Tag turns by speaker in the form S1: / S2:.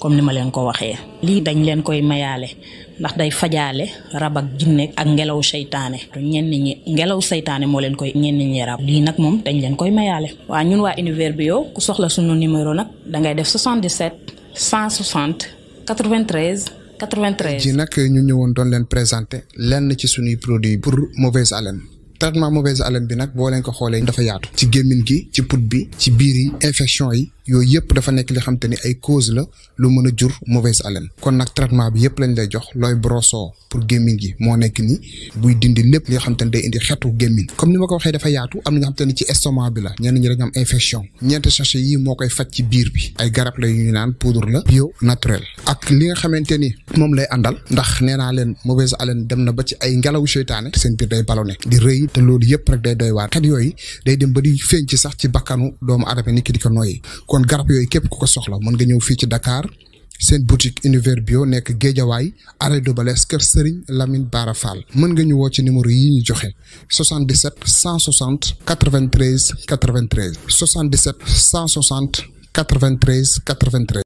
S1: comme ni ma leen ko waxee lii dañ leen koy mayaale ndax day fajaale rab ak ak ngelaw seytaane ñenn ñi ngelaw seytaane moo leen koy ñenn ñi rab lii nag moom dañ leen koy mayaale waa ñun waa bi bio ku soxla sunu numéro nag dangay def 77 160 93 93. ji
S2: nag ñu ñëwoon doon leen présenté lenn ci sunuy produit pour mauvaise haleine traitement mauvaise haleine bi nag boo leen ko xoolee dafa yaatu ci gémmiñ gi ci put bi ci biir yi infection yi yooyu yëpp dafa nekk li xam te ni ay cause la lu mën a jur mauvaise haleine kon nag traitement bi yëpp lañ lay jox looy broso pour gémmiñ gi moo nekk ni buy dindi lépp li xam te ne day indi xetu gémmiñ comme ni ma ko waxee dafa yaatu am na nga xam te ni ci estomac bi la ñenn ñi dañu am infection ñeenti sachet yi moo koy faj ci biir bi ay garab la yu naan poudre la bio naturel ak li nga xamante ni moom lay àndal ndax nee naa leen mauvaise haleine dem na ba ci ay ngelaw seytaane seen biir day ballonné di rëy te loolu yëpp rek day doy waar kat yooyu day dem ba di feeñ ci sax ci bakkanu doomu aadama ni ki di ko nooyi kon garab yooyu képp ku ko soxla mën nga ñëw fii ci Dakar seen boutique bi yoo nekk Géejawaay arrêt de Balès kër Serigne Lamine Bara Fall mën nga ñu woo ci numéro yi ñu joxe 77 160 93 93 77 160 93 93.